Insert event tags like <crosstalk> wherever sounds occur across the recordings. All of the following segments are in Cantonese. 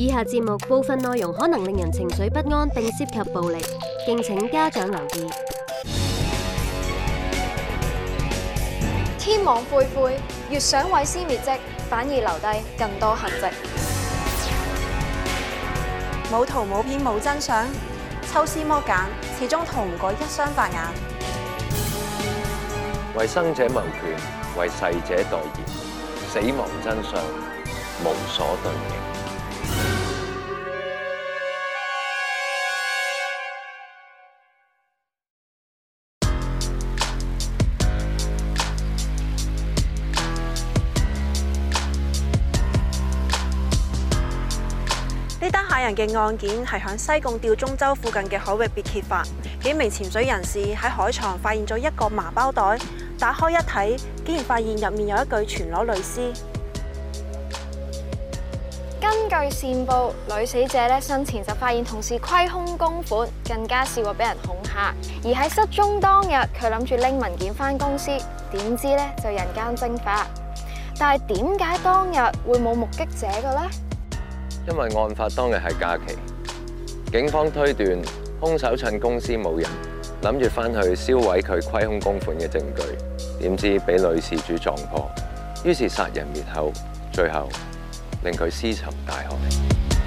以下節目部分內容可能令人情緒不安，並涉及暴力，敬請家長留意。天網恢恢，越想毀屍滅跡，反而留低更多痕跡。冇圖冇片冇真相，抽絲剝繭，始終逃唔過一雙法眼。為生者謀權，為逝者代言，死亡真相無所遁形。呢單客人嘅案件係喺西貢吊鐘洲附近嘅海域被揭發，幾名潛水人士喺海床發現咗一個麻包袋，打開一睇，竟然發現入面有一具全裸女屍。根據線報，女死者咧生前就發現同事虧空公款，更加試過俾人恐嚇，而喺失蹤當日，佢諗住拎文件翻公司，點知咧就人間蒸發。但係點解當日會冇目擊者嘅呢？因為案發當日係假期，警方推斷凶手趁公司冇人，諗住翻去銷毀佢虧空公款嘅證據，點知俾女事主撞破，於是殺人滅口，最後令佢屍沉大海。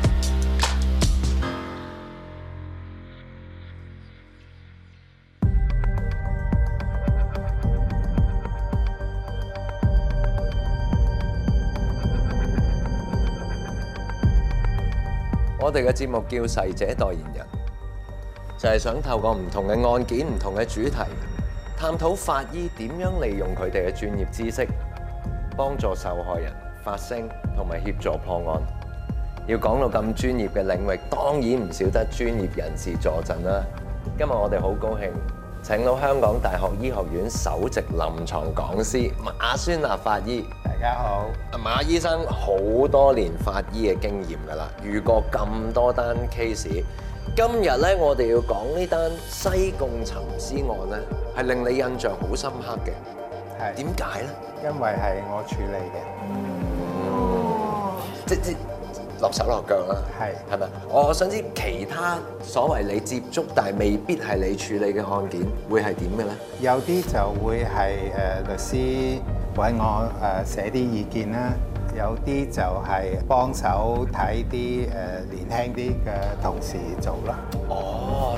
我哋嘅節目叫《逝者代言人》，就係、是、想透過唔同嘅案件、唔同嘅主題，探討法醫點樣利用佢哋嘅專業知識，幫助受害人發聲同埋協助破案。要講到咁專業嘅領域，當然唔少得專業人士助陣啦。今日我哋好高興請到香港大學醫學院首席臨床講師馬宣立法醫。大家好，阿馬醫生好多年法醫嘅經驗㗎啦，遇過咁多單 case，今日咧我哋要講呢單西貢沉屍案咧，係令你印象好深刻嘅。係點解咧？為呢因為係我處理嘅。哦，即即落手落腳啦。係係咪？我想知其他所謂你接觸但係未必係你處理嘅案件會係點嘅咧？有啲就會係誒、呃、律師。揾我，誒，寫啲意見啦。有啲就係幫手睇啲，誒，年輕啲嘅同事做啦。哦，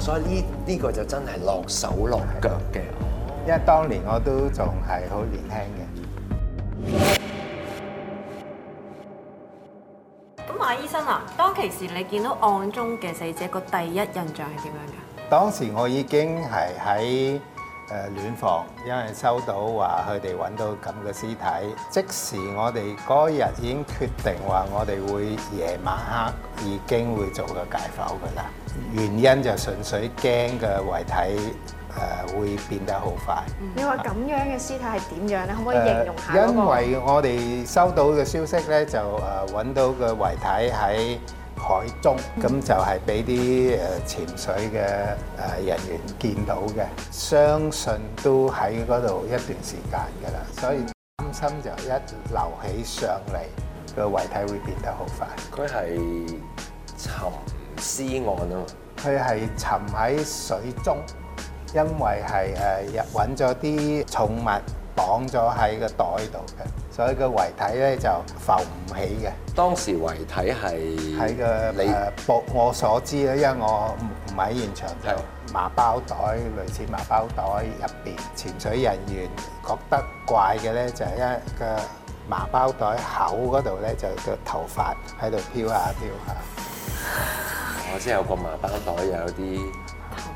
誒亂房，因為收到話佢哋揾到咁嘅屍體，即時我哋嗰日已經決定話我哋會夜晚黑已經會做個解剖噶啦。原因就純粹驚嘅遺體誒會變得好快。嗯、你話咁樣嘅屍體係點樣咧？呃、可唔可以形容下、嗰個、因為我哋收到嘅消息咧，就誒揾到個遺體喺海中咁就係俾啲誒潛水嘅誒人員、呃、見到嘅，相信都喺嗰度一段時間㗎啦，所以擔心就一浮起上嚟，個遺體會變得好快。佢係沉屍案啊！佢係沉喺水中，因為係誒揾咗啲重物綁咗喺個袋度嘅。所以個遺體咧就浮唔起嘅。當時遺體係喺個你，據我所知咧，因為我唔喺現場，就麻包袋嗎類似麻包袋入邊。潛水人員覺得怪嘅咧，就係一個麻包袋口嗰度咧，就個頭髮喺度飄下飄下。我知有個麻包袋有啲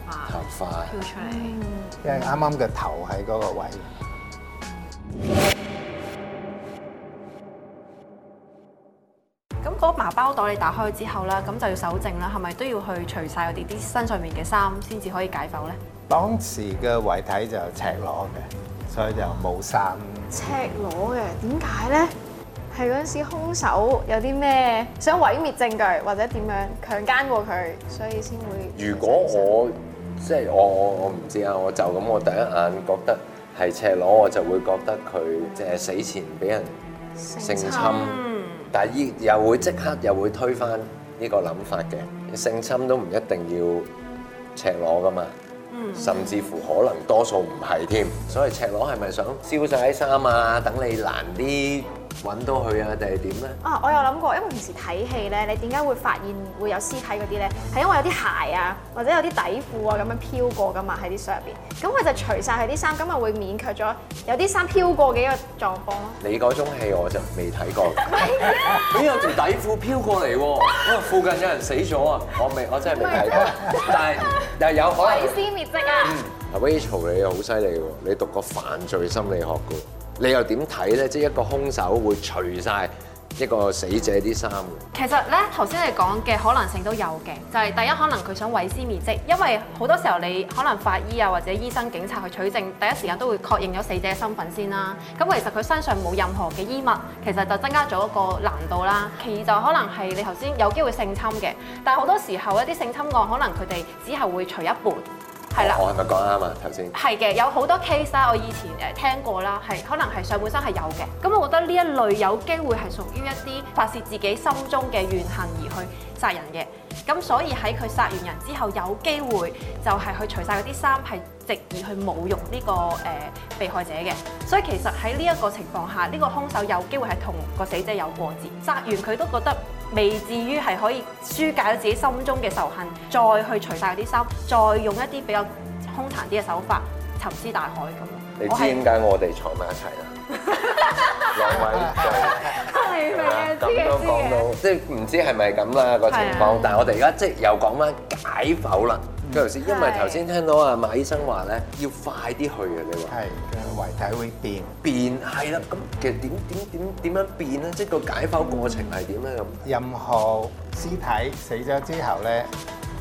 頭髮飄出嚟，因為啱啱個頭喺嗰個位。個麻包袋你打開之後啦，咁就要搜證啦，係咪都要去除晒我哋啲身上面嘅衫先至可以解剖咧？當時嘅遺體就赤裸嘅，所以就冇衫。赤裸嘅點解咧？係嗰陣時兇手有啲咩想毀滅證據，或者點樣強奸過佢，所以先會。如果我即係我我我唔知啊，我就咁我第一眼覺得係赤裸，我就會覺得佢即係死前俾人性侵。但係依又會即刻又會推翻呢個諗法嘅，性侵都唔一定要赤裸噶嘛，甚至乎可能多數唔係添。所以赤裸係咪想燒晒啲衫啊？等你難啲？搵到佢啊？定係點咧？啊，我有諗過，因為平時睇戲咧，你點解會發現會有屍體嗰啲咧？係因為有啲鞋啊，或者有啲底褲啊咁樣飄過噶嘛，喺啲水入邊。咁佢就除晒佢啲衫，咁咪會勉強咗有啲衫飄過嘅一個狀況咯。你嗰種戲我就未睇過。點是、哎、有條底褲飄過嚟？因、啊、為附近有人死咗啊！我未，我真係未睇過。但係又有可能毀屍滅跡啊 <laughs> ！Rachel，你好犀利喎！你讀過犯罪心理學噶？你又點睇呢？即係一個兇手會除晒一個死者啲衫？其實呢，頭先你講嘅可能性都有嘅，就係第一可能佢想毀屍滅跡，因為好多時候你可能法醫啊或者醫生、警察去取證，第一時間都會確認咗死者嘅身份先啦。咁其實佢身上冇任何嘅衣物，其實就增加咗一個難度啦。其二就可能係你頭先有機會性侵嘅，但係好多時候一啲性侵案可能佢哋只係會除一半。係啦，我係咪講啱啊？頭先係嘅，有好多 case 啦，我以前誒聽過啦，係可能係上半身係有嘅。咁我覺得呢一類有機會係屬於一啲發泄自己心中嘅怨恨而去殺人嘅。咁所以喺佢殺完人之後，有機會就係去除晒嗰啲衫係直而去侮辱呢個誒被害者嘅。所以其實喺呢一個情況下，呢個兇手有機會係同個死者有過節，殺完佢都覺得。未至於係可以紓解咗自己心中嘅仇恨，再去除晒嗰啲衫，再用一啲比較兇殘啲嘅手法沉屍大海。咁。你知點解我哋坐埋一齊啦？兩位 <laughs> 係咪啊？啱啱講到，即係唔知係咪咁啦個情況 <laughs> 的，但係我哋而家即係又講翻解剖啦。因為頭先聽到啊馬醫生話咧，要快啲去啊！你話係遺體會變變，係啦。咁其實點點點點樣變咧？即個解剖過程係點咧？咁、嗯、任何屍體死咗之後咧，誒、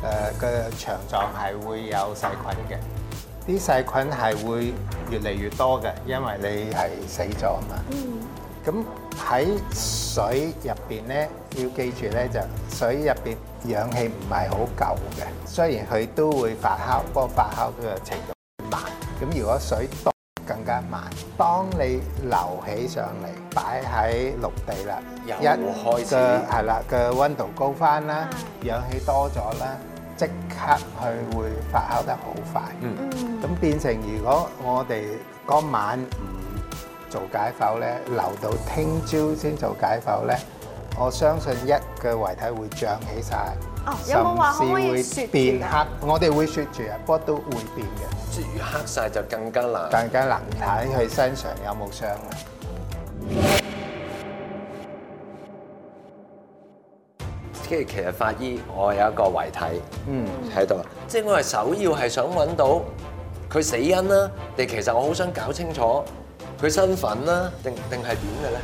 呃、個腸臟係會有細菌嘅，啲細菌係會越嚟越多嘅，因為你係死咗啊嘛。咁喺水入邊咧，要記住咧就水入邊氧氣唔係好夠嘅。雖然佢都會發酵，不過發酵嘅程度慢。咁如果水多更加慢。當你流起上嚟，擺喺陸地啦，一開始係啦，嘅温度高翻啦，氧氣多咗啦，即刻佢會發酵得好快。嗯，咁變成如果我哋嗰晚唔做解剖咧，留到聽朝先做解剖咧。我相信一嘅遺體會漲起曬，甚至會變黑。我哋會雪住啊，不過都會變嘅。黑曬就更加難，更加難睇佢身上有冇傷嘅。跟住其實法醫，我有一個遺體，嗯，喺度。即係我係首要係想揾到佢死因啦，但係其實我好想搞清楚。佢身份啦，定定係點嘅咧？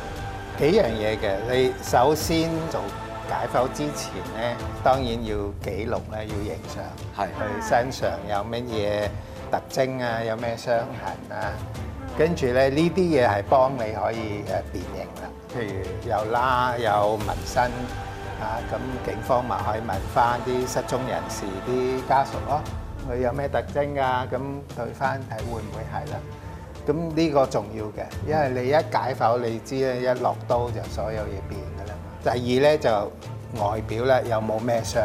幾樣嘢嘅，你首先做解剖之前咧，當然要記錄咧，要影相，係佢身上有乜嘢特徵啊，有咩傷痕啊，跟住咧呢啲嘢係幫你可以誒辨認啦。譬如有疤有紋身啊，咁警方咪可以問翻啲失蹤人士啲家屬咯，佢有咩特徵噶，咁對翻睇會唔會係啦？咁呢個重要嘅，因為你一解剖你知咧，一落刀就所有嘢變噶啦。第二咧就外表咧，有冇咩傷，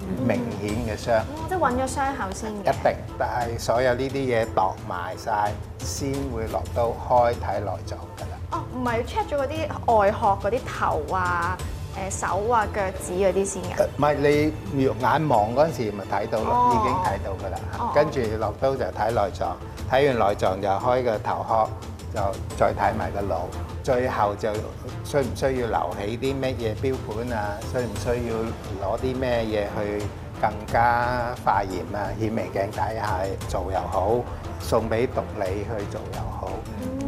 嗯、明顯嘅傷。嗯、即揾咗傷口先。一定，但係所有呢啲嘢度埋晒，先會落刀開睇內臟做㗎啦。哦、啊，唔係 check 咗嗰啲外殼嗰啲頭啊。誒手啊腳趾嗰啲先㗎，唔係你肉眼望嗰陣時咪睇到咯，oh. 已經睇到㗎啦嚇。跟住落刀就睇內臟，睇完內臟就開個頭殼，就再睇埋個腦。最後就需唔需要留起啲乜嘢標本啊？需唔需要攞啲咩嘢去更加化驗啊？顯微鏡睇下做又好，送俾毒理去做又好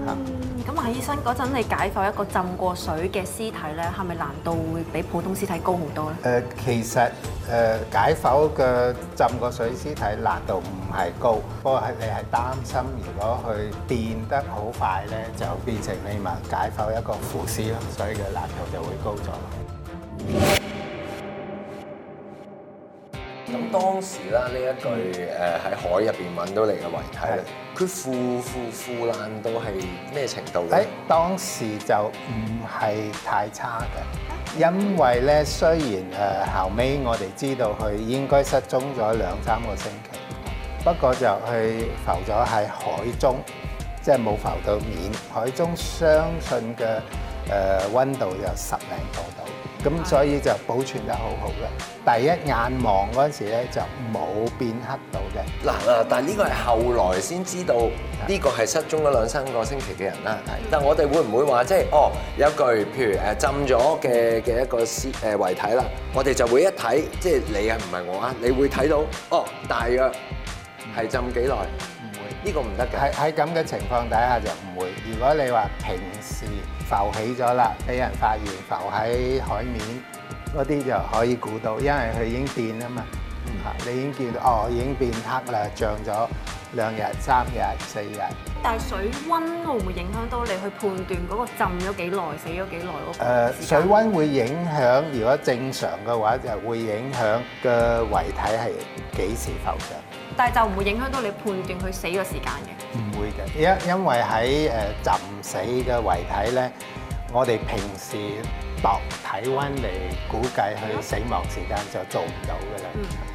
嚇。Oh. 咁阿醫生嗰陣，你解剖一個浸過水嘅屍體咧，係咪難度會比普通屍體高好多咧？誒，其實誒、呃、解剖嘅浸過水屍體難度唔係高，不過係你係擔心，如果佢變得好快咧，就變成你問解剖一個腐屍咯，所以嘅難度就會高咗。Okay. 當時啦，呢一句誒喺、嗯呃、海入邊揾到你嘅遺體，佢腐腐腐爛到係咩程度咧、哎？當時就唔係太差嘅，因為咧雖然誒、呃、後尾我哋知道佢應該失蹤咗兩三個星期，不過就佢浮咗喺海中，即係冇浮到面，海中相信嘅。誒溫度就十零度度，咁所以就保存得好好嘅。第一眼望嗰陣時咧，就冇變黑到嘅。嗱啊，但係呢個係後來先知道呢個係失蹤咗兩三個星期嘅人啦。但係我哋會唔會話即係哦有一具譬如誒浸咗嘅嘅一個屍誒遺體啦，我哋就會一睇即係你啊唔係我啊？你會睇到哦，大約係浸幾耐？呢個唔得嘅，喺喺咁嘅情況底下就唔會。如果你話平時浮起咗啦，俾人發現浮喺海面嗰啲，就可以估到，因為佢已經變啊嘛。嚇，你已經見到哦，已經變黑啦，漲咗兩日、三日、四日。但係水温會唔會影響到你去判斷嗰個浸咗幾耐、死咗幾耐嗰個？誒，水温會影響。如果正常嘅話，就會影響個遺體係幾時浮上。但係就唔會影響到你判斷佢死嘅時間嘅，唔會嘅，因因為喺誒浸死嘅遺體咧，我哋平時度體温嚟估計佢死亡時間就做唔到㗎啦。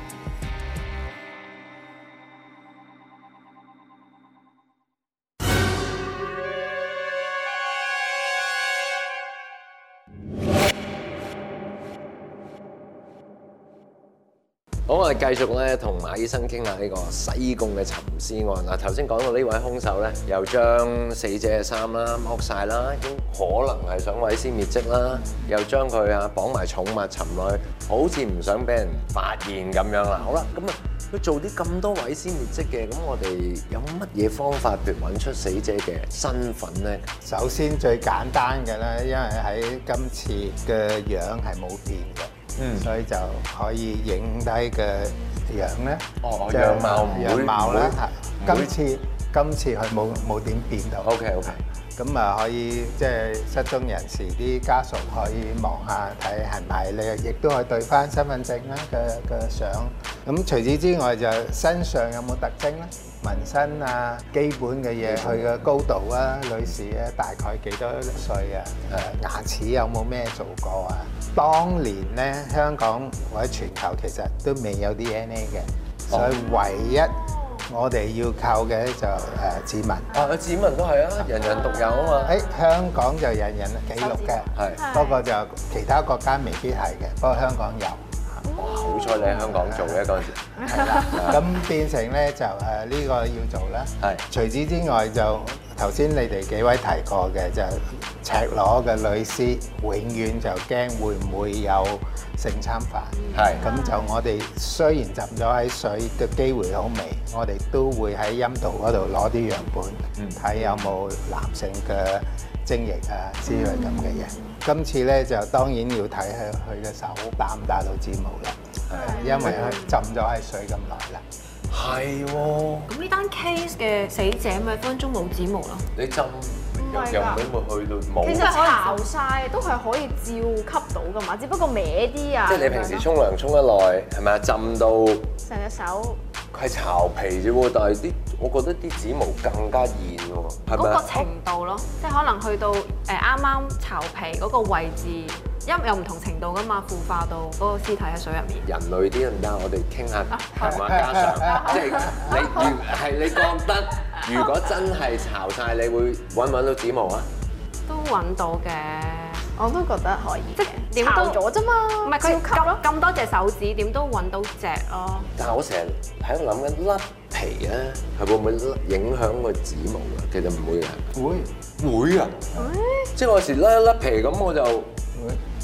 我哋繼續咧同馬醫生傾下呢個西貢嘅沉屍案。嗱，頭先講到呢位兇手咧，又將死者嘅衫啦剝晒啦，可能係想毀屍滅跡啦，又將佢啊綁埋寵物沉落去，好似唔想俾人發現咁樣啦。好啦，咁啊，佢做啲咁多毀屍滅跡嘅，咁我哋有乜嘢方法嚟揾出死者嘅身份咧？首先最簡單嘅咧，因為喺今次嘅樣係冇變嘅。嗯，所以就可以影低個樣咧，樣貌唔樣貌咧，今次今次佢冇冇點變到？OK OK，咁啊可以即係失蹤人士啲家屬可以望下睇係唔係？你亦都可以對翻身份證咧嘅嘅相。咁除此之外就身上有冇特徵咧？紋身啊，基本嘅嘢，佢嘅高度啊、女士啊，大概幾多歲啊？誒，牙齒有冇咩做過啊？當年咧，香港或者全球其實都未有 DNA 嘅，oh. 所以唯一我哋要靠嘅就誒指紋。Oh. 啊，指紋都係啊，人人獨有啊嘛。誒，香港就人人記錄嘅，係，是是不過就其他國家未必係嘅，不過香港有。哇好彩你喺香港做嗰陣時，咁變成呢就誒呢、uh, 個要做啦。係是除此之外，就頭先你哋幾位提過嘅，就赤裸嘅女屍永遠就驚會唔會有性侵犯。係咁是就我哋雖然浸咗喺水嘅機會好微，我哋都會喺陰道嗰度攞啲樣本，睇、嗯、有冇男性嘅。精液啊之類咁嘅嘢，嗯、今次咧就當然要睇下佢嘅手打唔打到指模啦。係的，因為浸咗喺水咁耐啦。係喎的。咁呢單 case 嘅死者咪分鐘冇指模咯。你浸又又唔會去到冇。其實晒都係可以照吸到㗎嘛，只不過歪啲啊。即係你平時沖涼沖得耐係咪啊？浸到成隻手。係巢皮啫喎，但係啲我覺得啲指毛更加現喎，嗰個程度咯，即係可能去到誒啱啱巢皮嗰個位置，因為有唔同程度噶嘛，腐化到嗰個屍體喺水入面。人類啲人，我哋傾下談話加上， <laughs> 即係你係你覺得，如果真係巢晒，你會揾唔揾到指毛啊？都揾到嘅。我都覺得可以，即係點到咗啫嘛，唔係佢咁咁多隻手指，點都揾到隻咯。但係我成日喺度諗緊甩皮啊，係會唔會影響個指毛㗎？其實唔會嘅，是是會會啊，即係我有時甩一甩皮咁我就。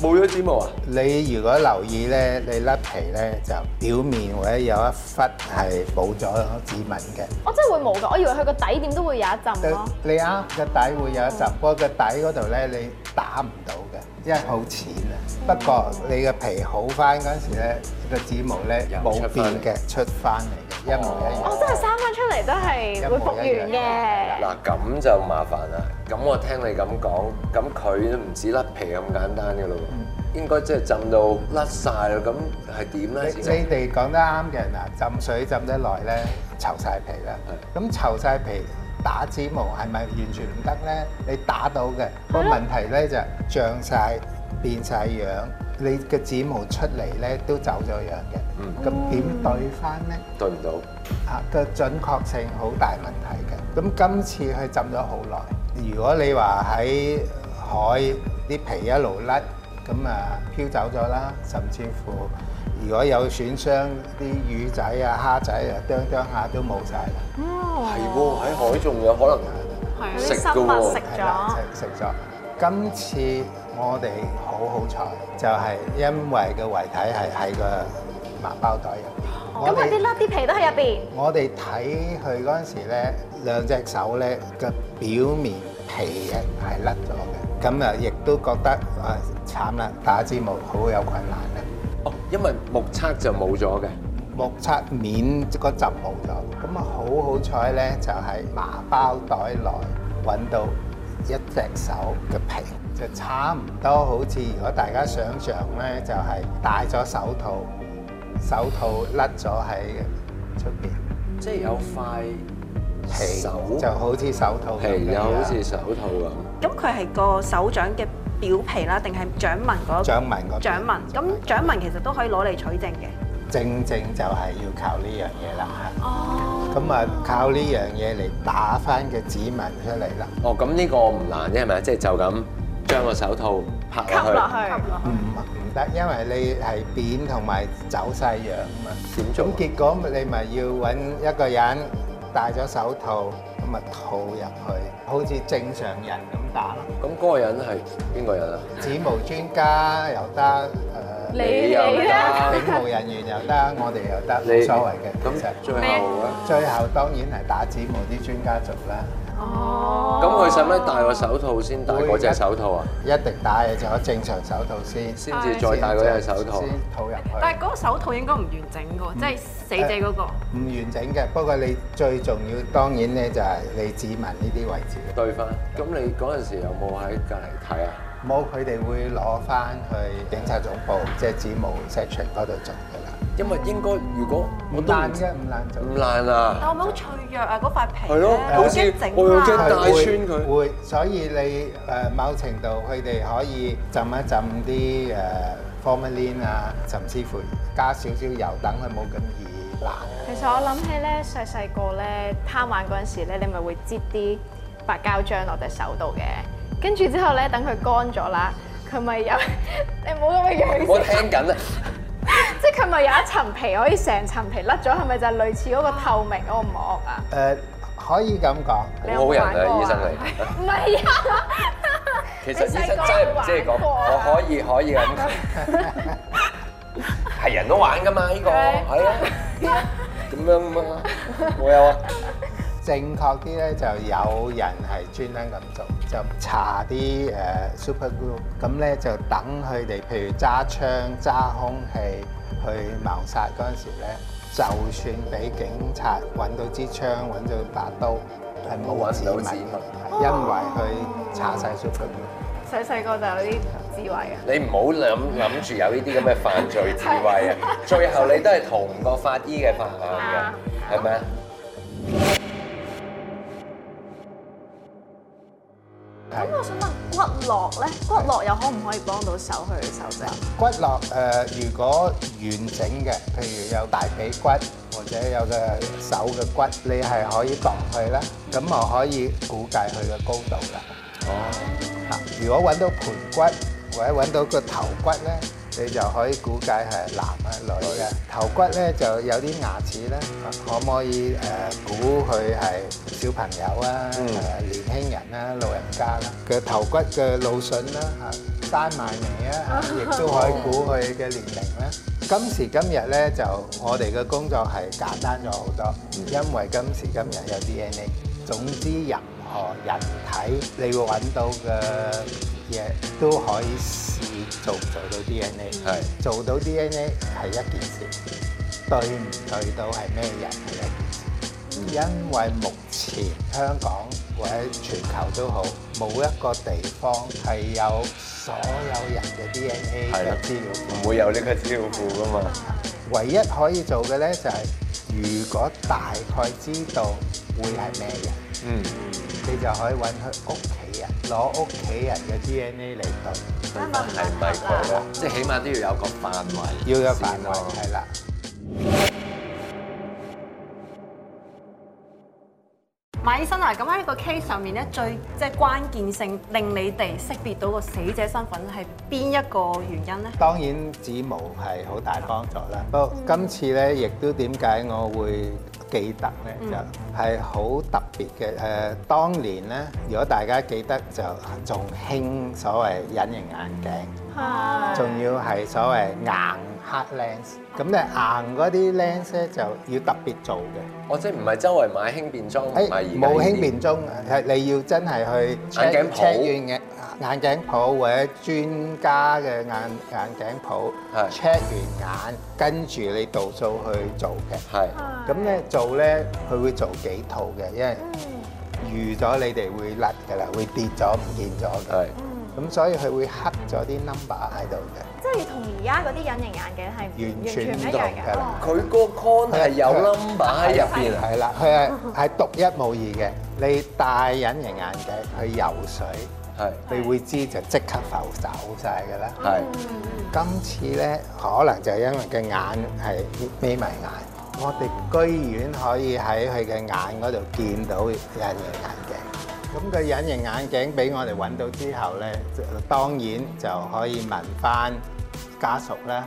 冇咗指紋啊！你如果留意咧，你甩皮咧就表面或者有一忽係冇咗指紋嘅。我真係會冇㗎，我以為佢個底點都會有一浸咯。你啱個底會有一浸，不過個底嗰度咧你打唔到嘅，因為好淺啊。不過你個皮好翻嗰陣時咧，個指紋咧冇變嘅，出翻嚟。一模一樣，我、哦、真係剝翻出嚟都係會復原嘅。嗱，咁、啊、就麻煩啦。咁我聽你咁講，咁佢都唔止甩皮咁簡單嘅咯，應該即係浸到甩晒啦。咁係點咧？你哋講得啱嘅嗱，浸水浸得耐咧，皺晒皮啦。咁皺晒皮打指模係咪完全唔得咧？你打到嘅、嗰個問題咧就漲晒、變晒樣。你嘅指模出嚟咧都走咗樣嘅，咁點、嗯、對翻咧？對唔不到啊、嗯！個準確性好大問題嘅。咁今次係浸咗好耐。如果你話喺海啲皮一路甩，咁啊漂走咗啦，甚至乎如果有損傷啲魚仔啊、蝦仔啊，釘釘下都冇晒啦。嗯、哦，係喎，喺海仲有可能食㗎喎，食咗。食咗。今次。我哋好好彩，就係因為個遺體係喺個麻包袋入邊。咁佢啲甩啲皮都喺入邊。我哋睇佢嗰陣時咧，兩隻手咧嘅表面皮係甩咗嘅。咁啊，亦都覺得啊慘啦，打指模好有困難啦。哦，因為目測就冇咗嘅，目測面嗰層冇咗。咁啊，好好彩咧，就喺麻包袋內揾到一隻手嘅皮。就差唔多，好似如果大家想象咧，就係戴咗手套，手套甩咗喺出邊，即係有塊皮，就好似手套皮，又好似手套咁。咁佢係個手掌嘅表皮啦，定係掌紋嗰掌紋嗰掌紋？咁掌紋其實都可以攞嚟取證嘅。正正就係要靠呢樣嘢啦，嚇！哦。咁啊，靠呢樣嘢嚟打返嘅指紋出嚟啦。哦，咁呢個唔難啫，係咪啊？即係就咁。將個手套拍落去落去，唔，唔得，因為你係扁同埋走晒樣啊嘛。咁結果你咪要揾一個人戴咗手套，咁啊套入去，好似正常人咁打咯。咁嗰個人係邊個人啊？指模專家又得，呃、你又得，指模人員又得，我哋又得，冇你所謂嘅。其實最後，最後當然係打指模啲專家做啦。哦，咁佢使唔使戴個手套先戴嗰會隻手套啊？一定戴咗正常手套先，先至對再戴嗰隻手套。先套入去，但係嗰個手套應該唔完整嘅喎，嗯、即係死者嗰、嗰個。唔、呃、完整嘅，不過你最重要當然咧就係你指紋呢啲位置。對翻吧，咁你嗰陣時有冇喺隔離睇啊？冇，佢哋會攞翻去警察總部即係指模 search 嗰度做。因為應該如果唔爛啫唔爛就唔爛啊！但係我咪好脆弱啊！嗰塊皮咧，好易整穿佢會，所以你誒某程度佢哋可以浸一浸啲誒 formalin 啊，甚至乎加少少油等佢冇咁易爛。其實我諗起咧細細個咧貪玩嗰陣時咧，你咪會擠啲白膠漿落隻手度嘅，跟住之後咧等佢乾咗啦，佢咪又你冇咁樣嘅。我聽緊啊！即係佢咪有一層皮可以成層皮甩咗，係咪就類似嗰個透明嗰個膜啊？誒，可以咁講。好好人啊，醫生嚟。唔係啊。其實醫生真係唔即係講，我可以可以咁講。係人都玩㗎嘛？呢個係啊。點樣乜啊？冇有啊。正確啲咧就有人係專登咁做，就擦啲誒 super glue，咁咧就等佢哋譬如揸槍、揸空氣。去謀殺嗰陣時咧，就算俾警察揾到支槍、揾到把刀，係冇、哦、智慧嘅，因為佢查晒出據。細細個就有啲智慧啊！你唔好諗諗住有呢啲咁嘅犯罪智慧啊！是 <laughs> 最後你都係逃唔過法醫嘅法眼嘅，係咪啊？ <laughs> 咁我想問骨骼咧，骨骼又可唔可以幫到手去手術？骨骼誒，如果完整嘅，譬如有大髀骨或者有個手嘅骨，你係可以擋佢啦。咁我可以估計佢嘅高度啦。哦，嚇！如果揾到盆骨，或者揾到個頭骨咧？你就可以估計係男啊、女啊。頭骨咧就有啲牙齒咧，可唔可以誒估佢係小朋友啊、年輕人啊、老人家啦？佢頭骨嘅腦囟啦、閂埋未啊，亦都可以估佢嘅年齡啦。今時今日咧，就我哋嘅工作係簡單咗好多，因為今時今日有 DNA。總之，任何人體你會揾到嘅嘢都可以試做唔做到 DNA，係做到 DNA 係一件事，對唔對到係咩人嘅一件事。因為目前香港或者全球都好，冇一個地方係有所有人嘅 DNA 嘅資料，唔會有呢個資料庫噶嘛。唯一可以做嘅咧就係，如果大概知道會係咩人，嗯，你就可以揾佢屋企。攞屋企人嘅 DNA 嚟對，係唔係佢啊？即係起碼都要有個範圍，要有範圍。係啦，馬醫生啊，咁喺呢個 case 上面咧，最即係關鍵性令你哋識別到個死者身份係邊一個原因咧？當然，指模係好大幫助啦。不過，今次咧，亦都點解我會記得咧就係好特別嘅，誒當年咧，如果大家記得就仲興所謂隱形眼鏡，係仲對要係所謂硬。黑 Lens，咁咧硬嗰啲 Lens 咧就要特別做嘅。哦，即係唔係周圍買輕便裝，冇輕便裝，係你要真係去眼鏡鋪，check 完眼，眼鏡鋪或者專家嘅眼眼鏡鋪，係 check 完眼，跟住你度數去做嘅。係，咁咧做咧，佢會做幾套嘅，因為預咗你哋會甩噶啦，會跌咗唔見咗嘅。係，咁所以佢會刻咗啲 number 喺度嘅。同而家嗰啲隱形眼鏡係完全唔同嘅，佢個 con 係有 number 喺入邊，係啦，係係獨一無二嘅。你戴隱形眼鏡去游水，係你會知就即刻浮走曬㗎喇。係今次咧，可能就因為個眼係眯埋眼，我哋居然可以喺佢嘅眼嗰度見到隱形眼鏡。咁佢隱形眼鏡俾我哋揾到之後咧，當然就可以問翻。家屬咧，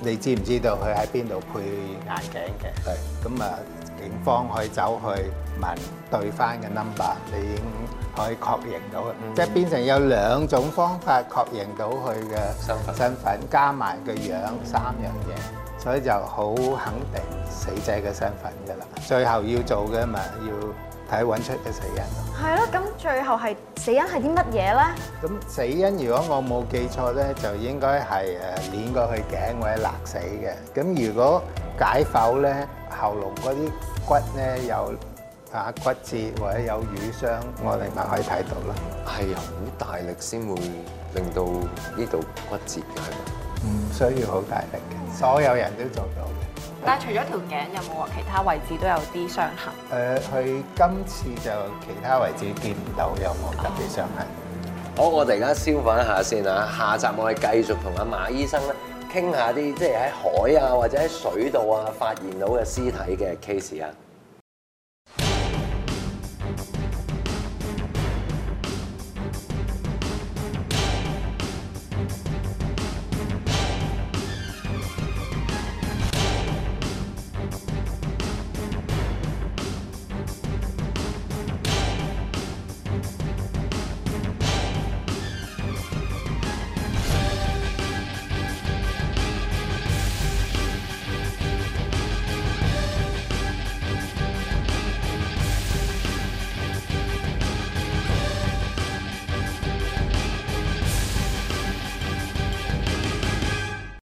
你知唔知道佢喺邊度配眼鏡嘅？係咁啊，警方可以走去問對翻嘅 number，你已經可以確認到，即係、嗯、變成有兩種方法確認到佢嘅身份分加埋個樣三樣嘢，嗯、所以就好肯定死者嘅身份噶啦。最後要做嘅嘛，要。睇揾出嘅死因，係咯，咁最後係死因係啲乜嘢咧？咁死因如果我冇記錯咧，就應該係誒摙過去頸或者勒死嘅。咁如果解剖咧，喉嚨嗰啲骨咧有啊骨折或者有瘀傷，我哋咪可以睇到啦。係好大力先會令到呢度骨折嘅，係嘛？唔需要好大力嘅，所有人都做到。但係除咗條頸有冇，其他位置都有啲傷痕？誒、呃，佢今次就其他位置見唔到有冇特別傷痕。Oh. 好，我哋而家消化一下先啊。下集我哋繼續同阿馬醫生咧傾下啲即係喺海啊或者喺水度啊發現到嘅屍體嘅 case 啊。